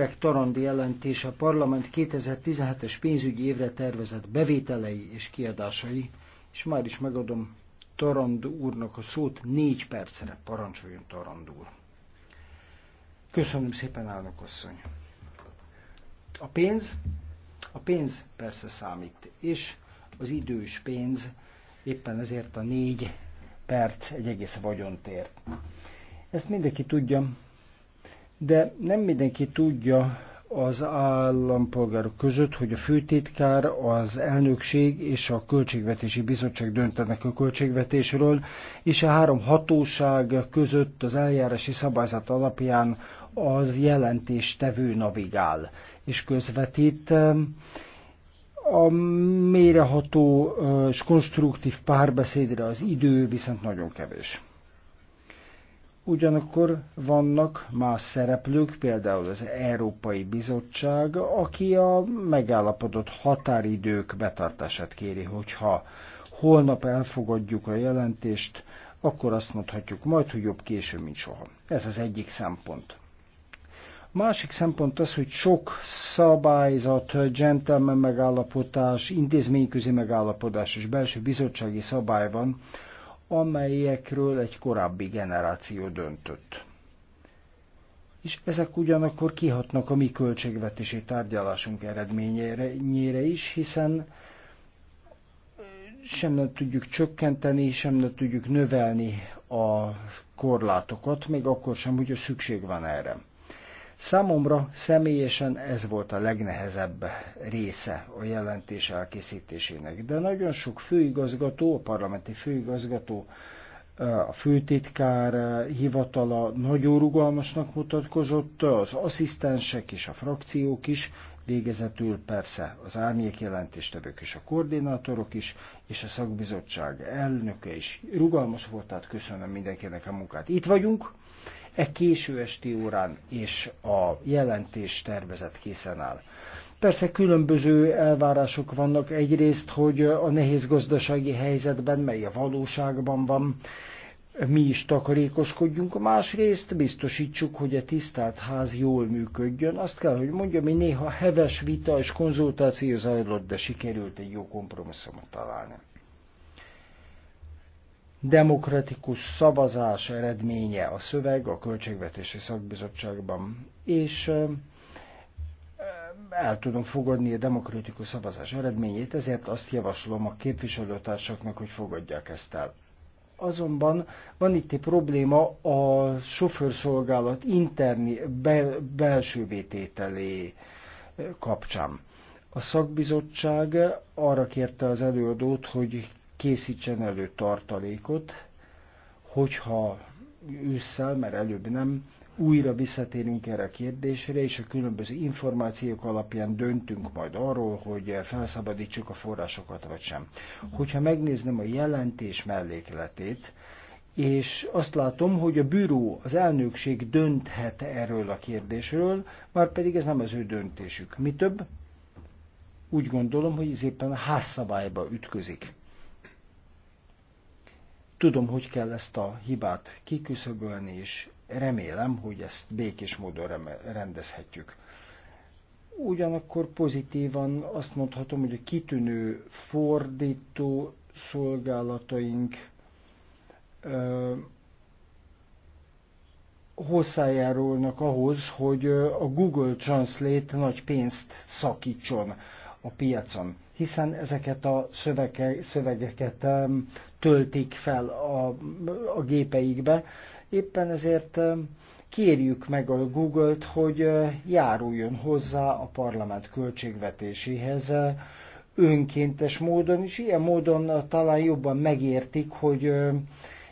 Greg Tarandi jelentés a parlament 2017-es pénzügyi évre tervezett bevételei és kiadásai, és már is megadom Tarand úrnak a szót négy percre. Parancsoljon Tarand úr. Köszönöm szépen, elnök asszony. A pénz, a pénz persze számít, és az idős pénz, éppen ezért a négy perc egy egész vagyont ért. Ezt mindenki tudja, de nem mindenki tudja az állampolgárok között, hogy a főtitkár, az elnökség és a költségvetési bizottság döntenek a költségvetésről, és a három hatóság között az eljárási szabályzat alapján az jelentéstevő navigál és közvetít a méreható és konstruktív párbeszédre az idő viszont nagyon kevés. Ugyanakkor vannak más szereplők, például az Európai Bizottság, aki a megállapodott határidők betartását kéri, hogyha holnap elfogadjuk a jelentést, akkor azt mondhatjuk majd, hogy jobb késő, mint soha. Ez az egyik szempont. Másik szempont az, hogy sok szabályzat, gentleman megállapotás, intézményközi megállapodás és belső bizottsági szabály van, amelyekről egy korábbi generáció döntött. És ezek ugyanakkor kihatnak a mi költségvetési tárgyalásunk eredményére is, hiszen sem nem tudjuk csökkenteni, sem nem tudjuk növelni a korlátokat, még akkor sem, hogy a szükség van erre. Számomra személyesen ez volt a legnehezebb része a jelentés elkészítésének, de nagyon sok főigazgató, a parlamenti főigazgató, eh, a főtitkár eh, hivatala nagyon rugalmasnak mutatkozott, az asszisztensek és a frakciók is, végezetül persze az árnyék jelentéstevők és a koordinátorok is, és a szakbizottság elnöke is rugalmas volt, tehát köszönöm mindenkinek a munkát. Itt vagyunk, e késő esti órán, és a jelentés tervezet készen áll. Persze különböző elvárások vannak egyrészt, hogy a nehéz gazdasági helyzetben, mely a valóságban van, mi is takarékoskodjunk, másrészt biztosítsuk, hogy a tisztelt ház jól működjön. Azt kell, hogy mondjam, hogy néha heves vita és konzultáció zajlott, de sikerült egy jó kompromisszumot találni demokratikus szavazás eredménye a szöveg a Költségvetési Szakbizottságban, és el tudom fogadni a demokratikus szavazás eredményét, ezért azt javaslom a képviselőtársaknak, hogy fogadják ezt el. Azonban van itt egy probléma a sofőrszolgálat interni, bel, belső vétételé kapcsán. A szakbizottság arra kérte az előadót, hogy készítsen elő tartalékot, hogyha ősszel, mert előbb nem, újra visszatérünk erre a kérdésre, és a különböző információk alapján döntünk majd arról, hogy felszabadítsuk a forrásokat vagy sem. Hogyha megnézném a jelentés mellékletét, és azt látom, hogy a bűró, az elnökség dönthet erről a kérdésről, már pedig ez nem az ő döntésük. Mi több, úgy gondolom, hogy ez éppen a házszabályba ütközik. Tudom, hogy kell ezt a hibát kiküszöbölni, és remélem, hogy ezt békés módon rendezhetjük. Ugyanakkor pozitívan azt mondhatom, hogy a kitűnő fordító szolgálataink ö, hozzájárulnak ahhoz, hogy a Google Translate nagy pénzt szakítson a piacon, hiszen ezeket a szövege, szövegeket um, töltik fel a, a gépeikbe. Éppen ezért um, kérjük meg a Google-t, hogy uh, járuljon hozzá a parlament költségvetéséhez uh, önkéntes módon, és ilyen módon uh, talán jobban megértik, hogy uh,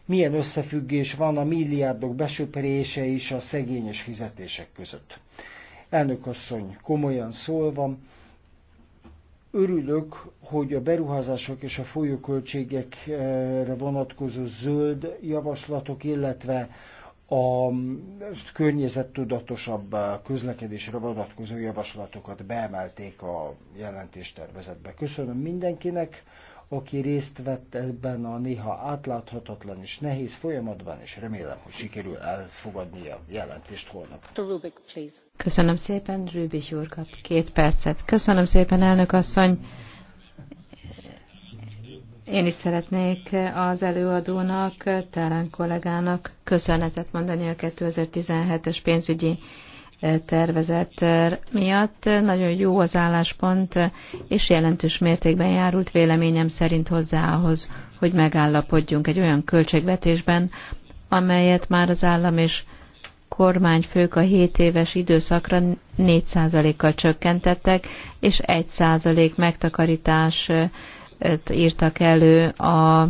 milyen összefüggés van a milliárdok besöperése és a szegényes fizetések között. Elnök asszony, komolyan szólva, Örülök, hogy a beruházások és a folyóköltségekre vonatkozó zöld javaslatok, illetve a környezettudatosabb közlekedésre vonatkozó javaslatokat beemelték a jelentéstervezetbe. Köszönöm mindenkinek, aki részt vett ebben a néha átláthatatlan és nehéz folyamatban, és remélem, hogy sikerül elfogadni a jelentést holnap. Köszönöm szépen, Rubik úr két percet. Köszönöm szépen, elnök asszony. Én is szeretnék az előadónak, Tárán kollégának köszönetet mondani a 2017-es pénzügyi tervezet eh, miatt nagyon jó az álláspont, és jelentős mértékben járult véleményem szerint hozzá ahhoz, hogy megállapodjunk egy olyan költségvetésben, amelyet már az állam és kormányfők a 7 éves időszakra 4%-kal csökkentettek, és 1% megtakarítás eh, írtak elő a,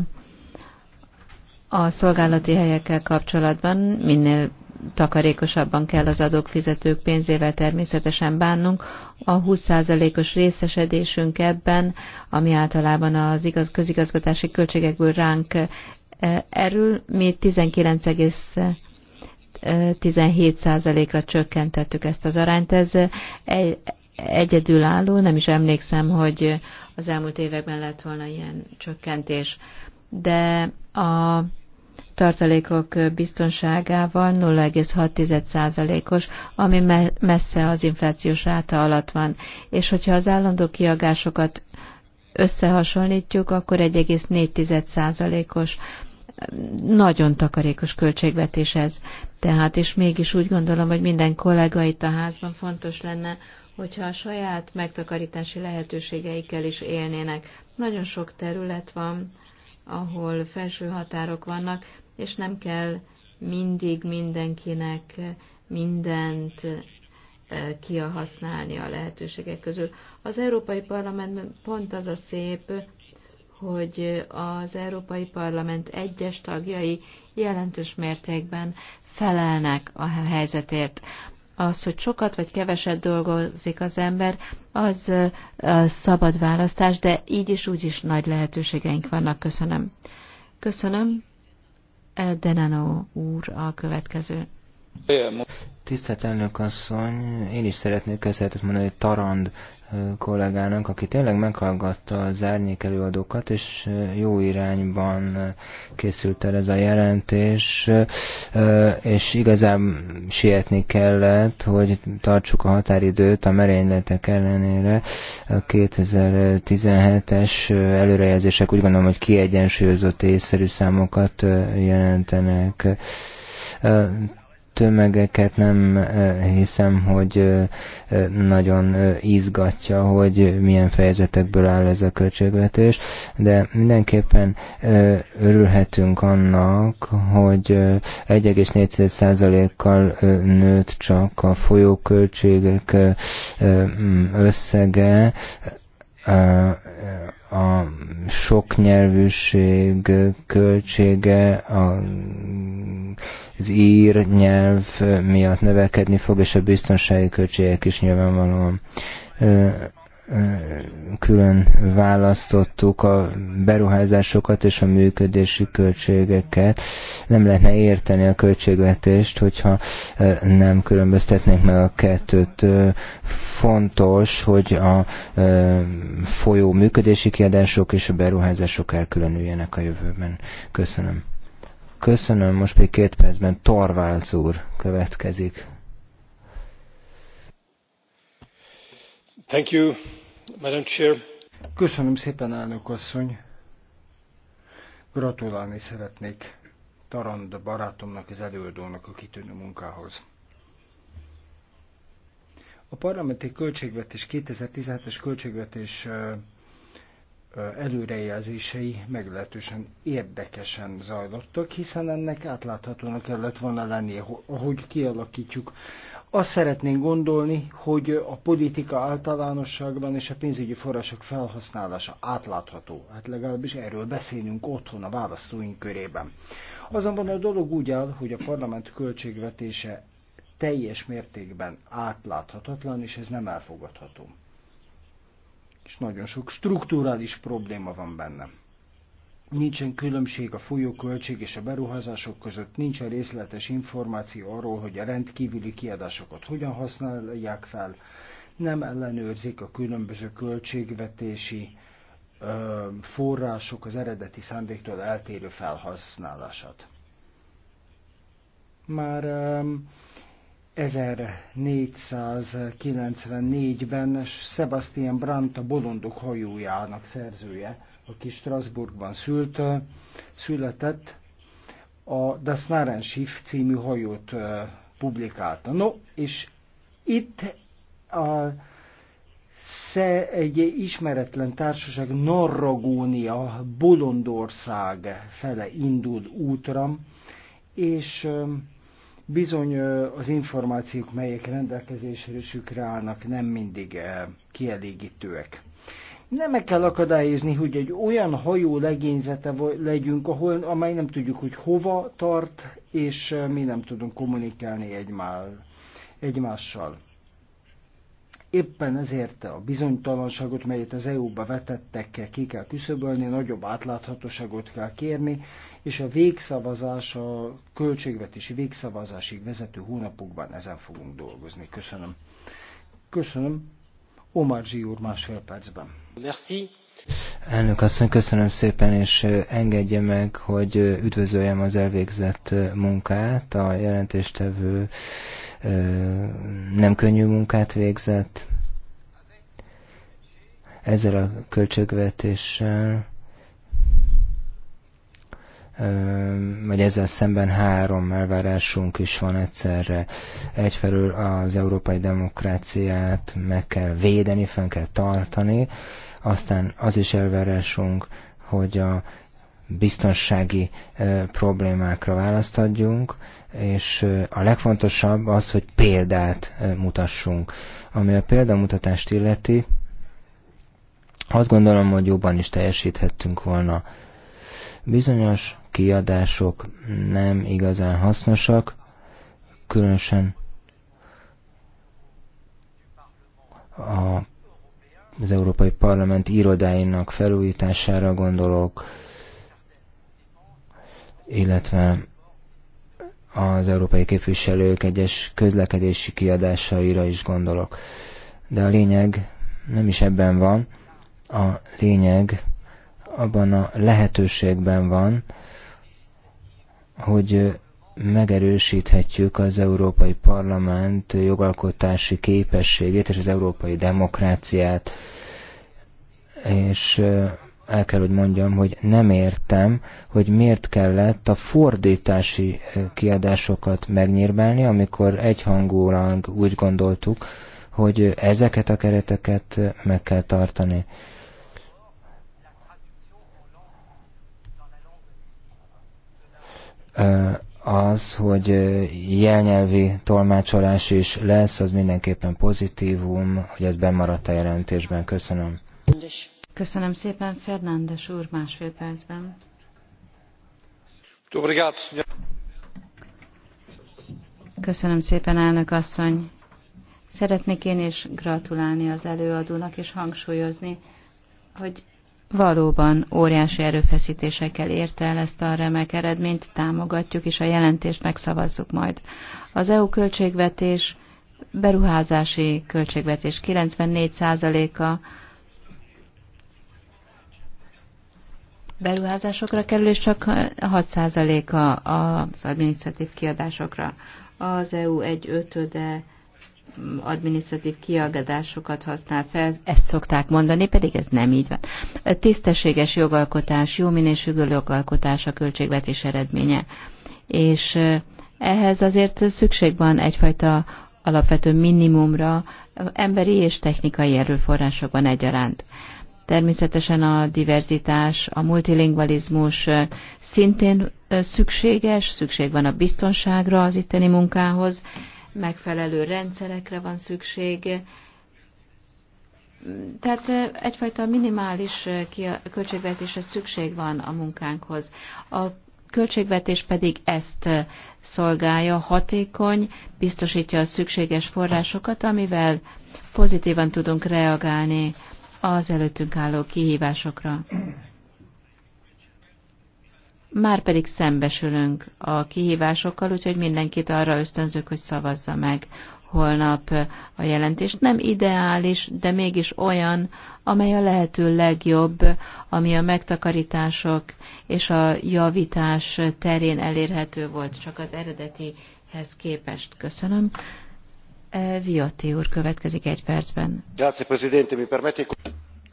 a szolgálati helyekkel kapcsolatban, minél takarékosabban kell az fizetők pénzével természetesen bánnunk. A 20%-os részesedésünk ebben, ami általában az igaz, közigazgatási költségekből ránk e, erül, mi 19, 17%-ra csökkentettük ezt az arányt. Ez egy, egyedülálló, nem is emlékszem, hogy az elmúlt években lett volna ilyen csökkentés. De a tartalékok biztonságával 0,6%-os, ami messze az inflációs ráta alatt van. És hogyha az állandó kiagásokat összehasonlítjuk, akkor 1,4%-os nagyon takarékos költségvetés ez. Tehát, és mégis úgy gondolom, hogy minden kollega itt a házban fontos lenne, hogyha a saját megtakarítási lehetőségeikkel is élnének. Nagyon sok terület van, ahol felső határok vannak, és nem kell mindig mindenkinek mindent kihasználni a lehetőségek közül. Az Európai parlament pont az a szép, hogy az Európai Parlament egyes tagjai jelentős mértékben felelnek a helyzetért. Az, hogy sokat vagy keveset dolgozik az ember, az szabad választás, de így is úgy is nagy lehetőségeink vannak. Köszönöm. Köszönöm. Denano úr a következő. Tisztelt elnök asszony, én is szeretnék köszönetet mondani Tarand kollégának, aki tényleg meghallgatta az árnyék előadókat, és jó irányban készült el ez a jelentés, és igazán sietni kellett, hogy tartsuk a határidőt a merényletek ellenére. A 2017-es előrejelzések úgy gondolom, hogy kiegyensúlyozott észszerű számokat jelentenek tömegeket nem hiszem, hogy nagyon izgatja, hogy milyen fejezetekből áll ez a költségvetés, de mindenképpen örülhetünk annak, hogy 1,4%-kal nőtt csak a folyóköltségek összege, a sok nyelvűség költsége a, az ír nyelv miatt növekedni fog, és a biztonsági költségek is nyilvánvalóan külön választottuk a beruházásokat és a működési költségeket. Nem lehetne érteni a költségvetést, hogyha nem különböztetnénk meg a kettőt. Fontos, hogy a folyó működési kiadások és a beruházások elkülönüljenek a jövőben. Köszönöm. Köszönöm, most pedig két percben Torvalds úr következik. Thank you. Köszönöm szépen, elnök asszony. Gratulálni szeretnék Tarand barátomnak, az előadónak a kitűnő munkához. A parlamenti költségvetés 2017-es költségvetés előrejelzései meglehetősen érdekesen zajlottak, hiszen ennek átláthatónak kellett volna lennie, ahogy kialakítjuk azt szeretnénk gondolni, hogy a politika általánosságban és a pénzügyi források felhasználása átlátható. Hát legalábbis erről beszélünk otthon a választóink körében. Azonban a dolog úgy áll, hogy a parlament költségvetése teljes mértékben átláthatatlan, és ez nem elfogadható. És nagyon sok strukturális probléma van benne. Nincsen különbség a folyóköltség és a beruházások között, nincsen részletes információ arról, hogy a rendkívüli kiadásokat hogyan használják fel, nem ellenőrzik a különböző költségvetési ö, források az eredeti szándéktól eltérő felhasználását. Már ö, 1494-ben Sebastian Brandt a Bolondok hajójának szerzője, aki Strasbourgban szült, született, a Das Narenschiff című hajót publikálta. No, és itt a Sze egy ismeretlen társaság Norragónia, Bolondország fele indul útra, és Bizony az információk, melyek rendelkezésre állnak, nem mindig kielégítőek. Nem meg kell akadályozni, hogy egy olyan hajó legényzete legyünk, ahol, amely nem tudjuk, hogy hova tart, és mi nem tudunk kommunikálni egymással. Éppen ezért a bizonytalanságot, melyet az EU-ba vetettek, ki kell küszöbölni, nagyobb átláthatóságot kell kérni, és a végszavazás, a költségvetési végszavazásig vezető hónapokban ezen fogunk dolgozni. Köszönöm. Köszönöm. Omar Zsi úr másfél percben. Merci. Elnök asszony, köszönöm szépen, és engedje meg, hogy üdvözöljem az elvégzett munkát, a jelentéstevő nem könnyű munkát végzett. Ezzel a költségvetéssel vagy ezzel szemben három elvárásunk is van egyszerre. Egyfelől az európai demokráciát meg kell védeni, fenn kell tartani, aztán az is elvárásunk, hogy a biztonsági problémákra választ adjunk, és a legfontosabb az, hogy példát mutassunk. Ami a példamutatást illeti, azt gondolom, hogy jobban is teljesíthettünk volna. Bizonyos kiadások nem igazán hasznosak, különösen a, az Európai Parlament irodáinak felújítására gondolok, illetve az európai képviselők egyes közlekedési kiadásaira is gondolok. De a lényeg nem is ebben van, a lényeg abban a lehetőségben van, hogy megerősíthetjük az Európai Parlament jogalkotási képességét és az európai demokráciát, és el kell, hogy mondjam, hogy nem értem, hogy miért kellett a fordítási eh, kiadásokat megnyírbálni, amikor egyhangulag úgy gondoltuk, hogy ezeket a kereteket eh, meg kell tartani. Eh, az, hogy jelnyelvi tolmácsolás is lesz, az mindenképpen pozitívum, hogy ez bemaradt a jelentésben. Köszönöm. Köszönöm szépen, Fernándes úr, másfél percben. Köszönöm szépen, elnök asszony. Szeretnék én is gratulálni az előadónak, és hangsúlyozni, hogy valóban óriási erőfeszítésekkel érte el ezt a remek eredményt, támogatjuk, és a jelentést megszavazzuk majd. Az EU költségvetés beruházási költségvetés 94%-a beruházásokra kerül, és csak 6%-a az adminisztratív kiadásokra. Az EU egy ötöde adminisztratív kiadásokat használ fel, ezt szokták mondani, pedig ez nem így van. Tisztességes jogalkotás, jó minőségű jogalkotás a költségvetés eredménye. És ehhez azért szükség van egyfajta alapvető minimumra, emberi és technikai erőforrásokban egyaránt. Természetesen a diverzitás, a multilingvalizmus szintén szükséges, szükség van a biztonságra az itteni munkához, megfelelő rendszerekre van szükség, tehát egyfajta minimális költségvetésre szükség van a munkánkhoz. A költségvetés pedig ezt szolgálja, hatékony, biztosítja a szükséges forrásokat, amivel pozitívan tudunk reagálni az előttünk álló kihívásokra. Már pedig szembesülünk a kihívásokkal, úgyhogy mindenkit arra ösztönzök, hogy szavazza meg holnap a jelentést. Nem ideális, de mégis olyan, amely a lehető legjobb, ami a megtakarítások és a javítás terén elérhető volt, csak az eredetihez képest. Köszönöm. Eh, Viotti úr következik egy percben.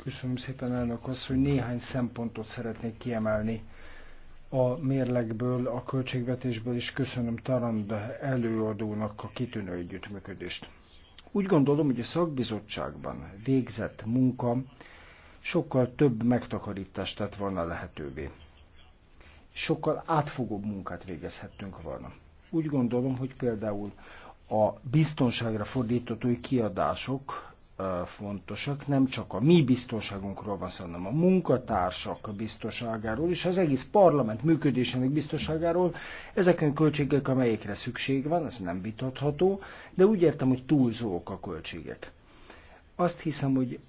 Köszönöm szépen, elnök asszony. Néhány szempontot szeretnék kiemelni a mérlegből, a költségvetésből, és köszönöm Tarand előadónak a kitűnő együttműködést. Úgy gondolom, hogy a szakbizottságban végzett munka sokkal több megtakarítást tett volna lehetővé. Sokkal átfogóbb munkát végezhettünk volna. Úgy gondolom, hogy például a biztonságra fordított új kiadások fontosak, nem csak a mi biztonságunkról van szó, hanem a munkatársak biztonságáról és az egész parlament működésének biztonságáról, ezeken költségek, amelyekre szükség van, ez nem vitatható, de úgy értem, hogy túlzók a költségek. Azt hiszem, hogy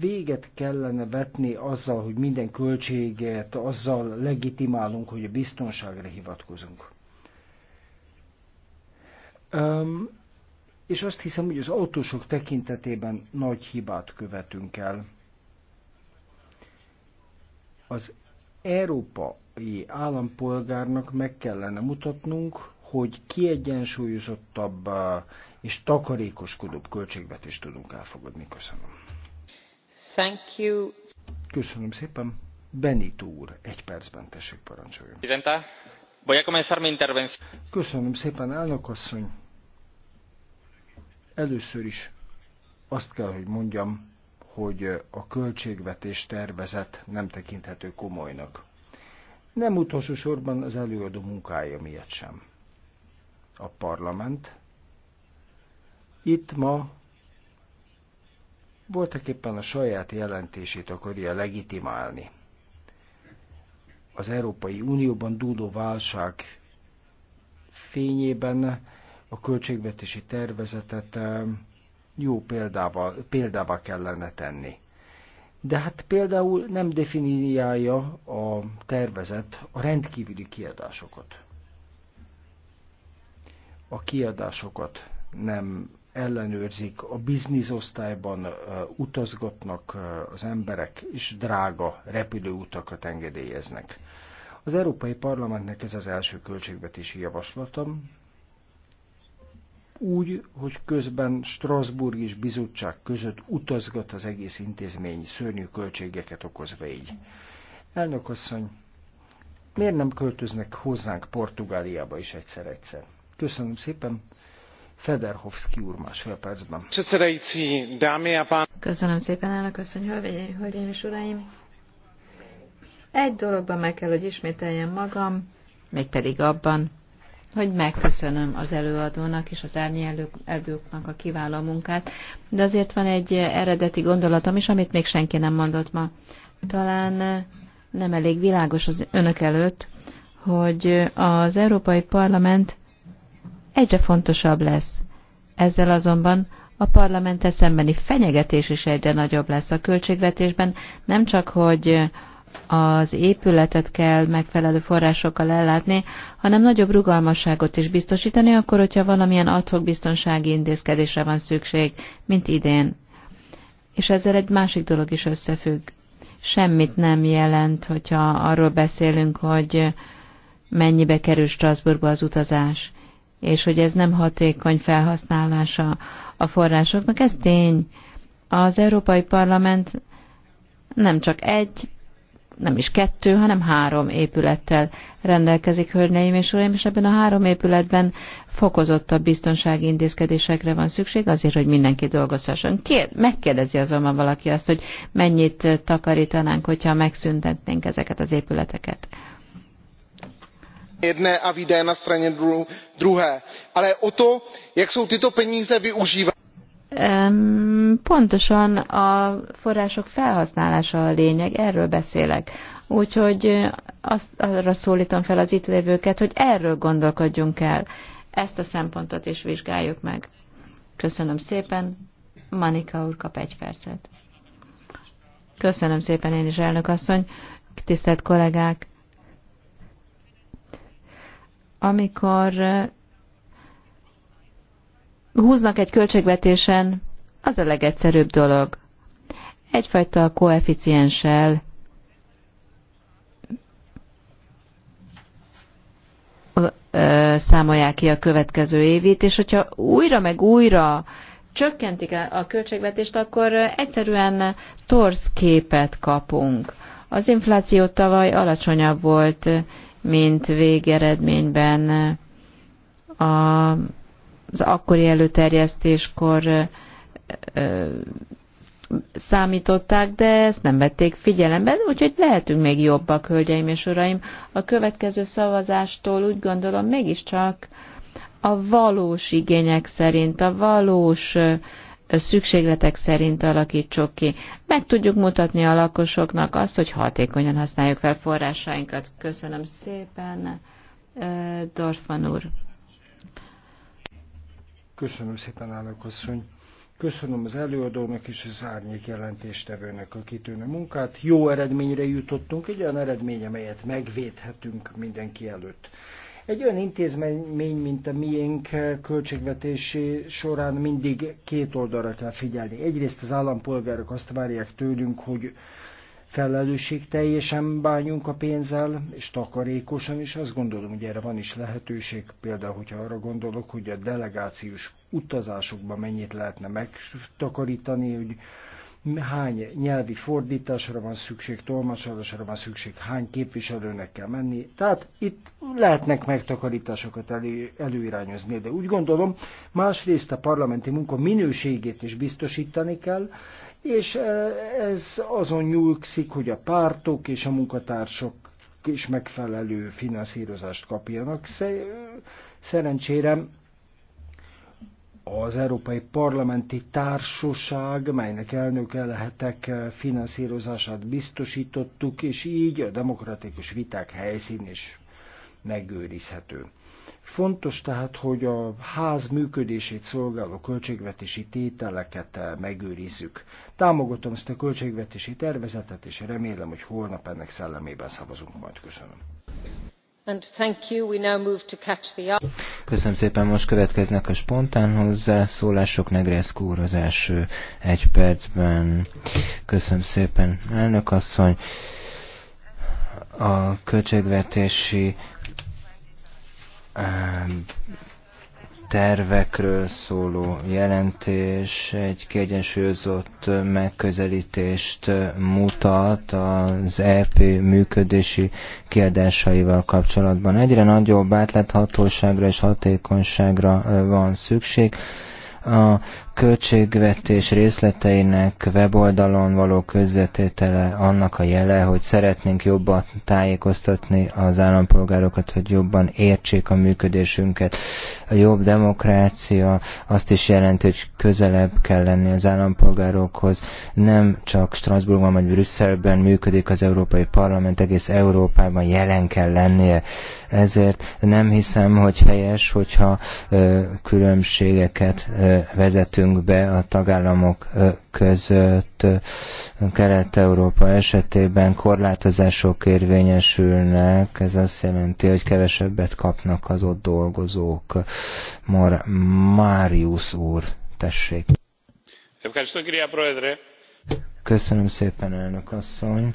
véget kellene vetni azzal, hogy minden költséget azzal legitimálunk, hogy a biztonságra hivatkozunk. Um, és azt hiszem, hogy az autósok tekintetében nagy hibát követünk el. Az európai állampolgárnak meg kellene mutatnunk, hogy kiegyensúlyozottabb eh, és takarékoskodóbb költségvetést tudunk elfogadni. Köszönöm. Thank you. Köszönöm szépen. Benito úr, egy percben tessék parancsoljon. Köszönöm szépen, elnök asszony. Először is azt kell, hogy mondjam, hogy a költségvetés tervezet nem tekinthető komolynak. Nem utolsó sorban az előadó munkája miatt sem. A parlament itt ma voltak éppen a saját jelentését akarja legitimálni. Az Európai Unióban dúló válság fényében a költségvetési tervezetet jó példával, példával kellene tenni. De hát például nem definiálja a tervezet a rendkívüli kiadásokat. A kiadásokat nem ellenőrzik, a bizniszosztályban utazgatnak az emberek, és drága repülőutakat engedélyeznek. Az Európai Parlamentnek ez az első költségvetési javaslatom, úgy, hogy közben Strasbourg és bizottság között utazgat az egész intézmény szörnyű költségeket okozva így. Elnök asszony, miért nem költöznek hozzánk Portugáliába is egyszer-egyszer? Köszönöm szépen. Federhovszki úr másfél percben. Köszönöm szépen, elnök asszony, hölgyeim, hölgyeim és uraim. Egy dologban meg kell, hogy ismételjem magam, mégpedig abban, hogy megköszönöm az előadónak és az árnyelőknek a kiváló munkát, de azért van egy eredeti gondolatom is, amit még senki nem mondott ma. Talán nem elég világos az önök előtt, hogy az Európai Parlament egyre fontosabb lesz. Ezzel azonban a parlamenttel szembeni fenyegetés is egyre nagyobb lesz a költségvetésben, nem csak, hogy az épületet kell megfelelő forrásokkal ellátni, hanem nagyobb rugalmasságot is biztosítani, akkor, hogyha valamilyen adhok biztonsági intézkedésre van szükség, mint idén. És ezzel egy másik dolog is összefügg. Semmit nem jelent, hogyha arról beszélünk, hogy mennyibe kerül Strasbourgba az utazás, és hogy ez nem hatékony felhasználása a forrásoknak. Ez tény. Az Európai Parlament nem csak egy, nem is kettő, hanem három épülettel rendelkezik, hölgyeim és uraim, és ebben a három épületben fokozottabb biztonsági intézkedésekre van szükség azért, hogy mindenki dolgozhasson. Kér, megkérdezi azonban valaki azt, hogy mennyit takarítanánk, hogyha megszüntetnénk ezeket az épületeket jedné a výdaje na straně druhé ale o to jak jsou tyto peníze využívány. Pontosan a források felhasználása a lényeg, erről beszélek. Úgyhogy azt, arra szólítom fel az itt lévőket, hogy erről gondolkodjunk el. Ezt a szempontot is vizsgáljuk meg. Köszönöm szépen. Manika úr kap egy percet. Köszönöm szépen én is, elnök asszony. Tisztelt kollégák! Amikor húznak egy költségvetésen, az a legegyszerűbb dolog. Egyfajta koeficienssel számolják ki a következő évét, és hogyha újra meg újra csökkentik a költségvetést, akkor egyszerűen torz képet kapunk. Az infláció tavaly alacsonyabb volt, mint végeredményben a az akkori előterjesztéskor számították, de ezt nem vették figyelembe, úgyhogy lehetünk még jobbak, hölgyeim és uraim. A következő szavazástól úgy gondolom mégiscsak a valós igények szerint, a valós szükségletek szerint alakítsuk ki. Meg tudjuk mutatni a lakosoknak azt, hogy hatékonyan használjuk fel forrásainkat. Köszönöm szépen, Dorfan úr. Köszönöm szépen, Állok asszony. Köszönöm az előadónak és az árnyék jelentéstevőnek a kitűnő munkát. Jó eredményre jutottunk, egy olyan eredmény, amelyet megvédhetünk mindenki előtt. Egy olyan intézmény, mint a miénk költségvetési során mindig két oldalra kell figyelni. Egyrészt az állampolgárok azt várják tőlünk, hogy teljesen bánjunk a pénzzel, és takarékosan is. Azt gondolom, hogy erre van is lehetőség, például, hogyha arra gondolok, hogy a delegációs utazásokban mennyit lehetne megtakarítani, hogy hány nyelvi fordításra van szükség, tolmácsolásra van szükség, hány képviselőnek kell menni. Tehát itt lehetnek megtakarításokat elő, előirányozni, de úgy gondolom, másrészt a parlamenti munka minőségét is biztosítani kell, és ez azon nyugszik, hogy a pártok és a munkatársok is megfelelő finanszírozást kapjanak. Szerencsére az Európai Parlamenti Társaság, melynek elnöke lehetek, finanszírozását biztosítottuk, és így a demokratikus viták helyszín is megőrizhető. Fontos tehát, hogy a ház működését szolgáló költségvetési tételeket eh, megőrizzük. Támogatom ezt a költségvetési tervezetet, és remélem, hogy holnap ennek szellemében szavazunk majd. Köszönöm. And thank you. We now move to catch the... Köszönöm szépen, most következnek a spontán hozzászólások. Negreszkó úr az első egy percben. Köszönöm szépen, elnök asszony a költségvetési tervekről szóló jelentés egy kiegyensúlyozott megközelítést mutat az EP működési kiadásaival kapcsolatban. Egyre nagyobb átláthatóságra és hatékonyságra van szükség. A költségvetés részleteinek weboldalon való közzetétele annak a jele, hogy szeretnénk jobban tájékoztatni az állampolgárokat, hogy jobban értsék a működésünket. A jobb demokrácia azt is jelenti, hogy közelebb kell lenni az állampolgárokhoz. Nem csak Strasbourgban vagy Brüsszelben működik az Európai Parlament, egész Európában jelen kell lennie. Ezért nem hiszem, hogy helyes, hogyha ö, különbségeket ö, vezető vezetünk be a tagállamok között. Kelet-Európa esetében korlátozások érvényesülnek, ez azt jelenti, hogy kevesebbet kapnak az ott dolgozók. Mar Máriusz úr, tessék. Köszönöm szépen, elnök asszony.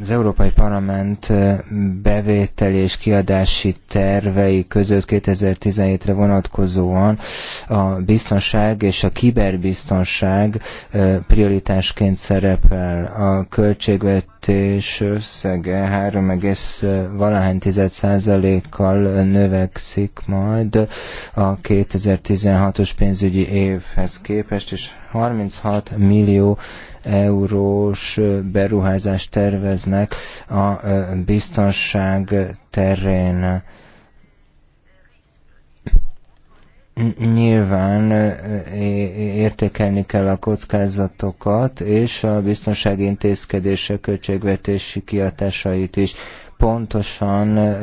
az Európai Parlament bevételi és kiadási tervei között 2017-re vonatkozóan a biztonság és a kiberbiztonság prioritásként szerepel a költségvetés költségvetés összege 3, valahány 10%-kal növekszik majd a 2016-os pénzügyi évhez képest, és 36 millió eurós beruházást terveznek a biztonság terén. Nyilván értékelni kell a kockázatokat és a biztonsági intézkedések költségvetési kiadásait is. Pontosan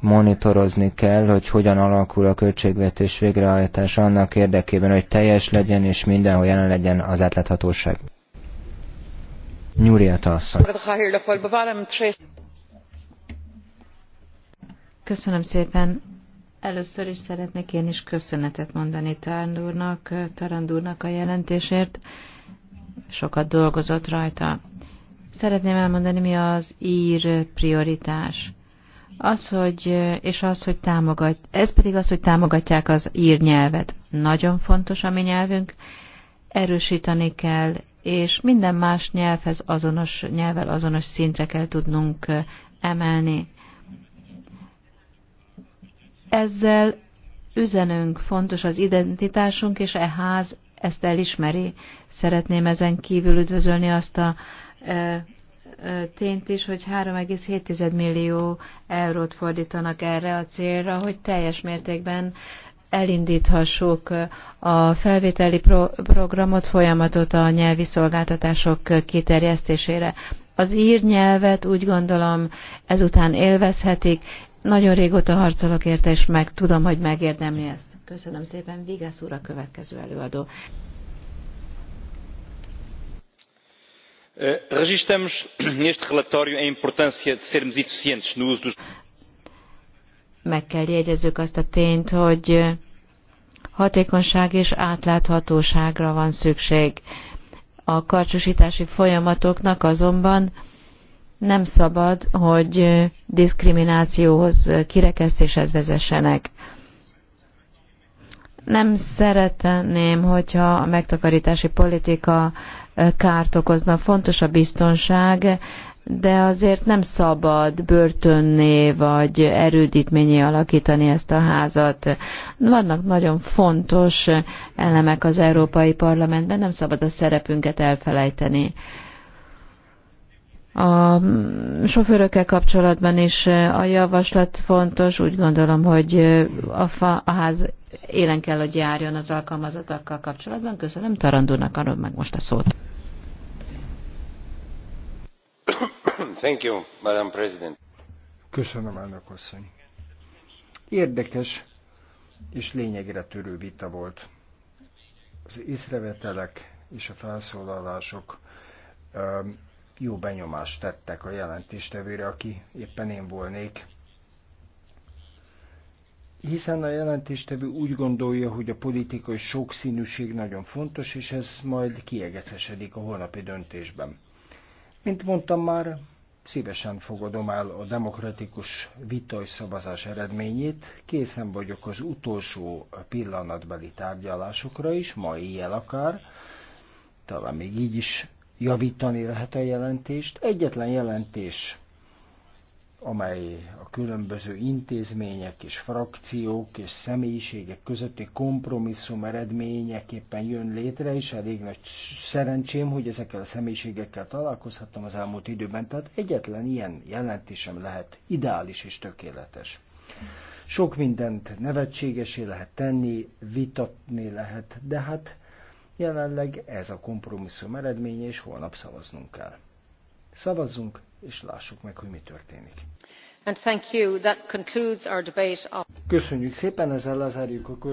monitorozni kell, hogy hogyan alakul a költségvetés végrehajtása annak érdekében, hogy teljes legyen és mindenhol jelen legyen az átláthatóság. Nyúria Tasszony. Köszönöm szépen Először is szeretnék én is köszönetet mondani Tarandúrnak, Tarandúrnak a jelentésért. Sokat dolgozott rajta. Szeretném elmondani, mi az ír prioritás. Az, hogy, és az, hogy támogat, ez pedig az, hogy támogatják az ír nyelvet. Nagyon fontos a mi nyelvünk, erősíteni kell, és minden más nyelvhez azonos, nyelvvel azonos szintre kell tudnunk eh, emelni. Ezzel üzenünk fontos az identitásunk, és e ház ezt elismeri. Szeretném ezen kívül üdvözölni azt a e, e tényt is, hogy 3,7 millió eurót fordítanak erre a célra, hogy teljes mértékben elindíthassuk a felvételi pro- programot, folyamatot a nyelvi szolgáltatások kiterjesztésére. Az írnyelvet úgy gondolom ezután élvezhetik, nagyon régóta harcolok érte, és meg tudom, hogy megérdemli ezt. Köszönöm szépen. Vigász úr a következő előadó. Eh, registramos neste relatório a importância de sermos eficientes no uso dos. Meg kell jegyezzük azt a tényt, hogy hatékonyság és átláthatóságra van szükség. A karcsúsítási folyamatoknak azonban nem szabad, hogy diszkriminációhoz, kirekesztéshez vezessenek. Nem szeretném, hogyha a megtakarítási politika kárt okozna. Fontos a biztonság, de azért nem szabad börtönné vagy erődítményé alakítani ezt a házat. Vannak nagyon fontos elemek az Európai Parlamentben, nem szabad a szerepünket elfelejteni. A sofőrökkel kapcsolatban is a javaslat fontos, úgy gondolom, hogy a, fa, a ház élen kell, hogy járjon az alkalmazatokkal kapcsolatban. Köszönöm Tarandónak, adom meg most a szót. Thank you, Madam President. Köszönöm, elnök asszony. Érdekes és lényegre törő vita volt. Az észrevetelek és a felszólalások jó benyomást tettek a jelentéstevőre, aki éppen én volnék. Hiszen a jelentéstevő úgy gondolja, hogy a politikai sokszínűség nagyon fontos, és ez majd kiegecesedik a holnapi döntésben. Mint mondtam már, szívesen fogadom el a demokratikus vitai szavazás eredményét, készen vagyok az utolsó pillanatbeli tárgyalásokra is, ma éjjel akár, talán még így is javítani lehet a jelentést. Egyetlen jelentés, amely a különböző intézmények és frakciók és személyiségek közötti kompromisszum eredményeképpen jön létre, és elég nagy szerencsém, hogy ezekkel a személyiségekkel találkozhattam az elmúlt időben, tehát egyetlen ilyen jelentésem lehet ideális és tökéletes. Sok mindent nevetségesé lehet tenni, vitatni lehet, de hát Jelenleg ez a kompromisszum eredménye, és holnap szavaznunk kell. Szavazzunk, és lássuk meg, hogy mi történik. And thank you. That concludes our debate. Köszönjük szépen, ezzel lezárjuk a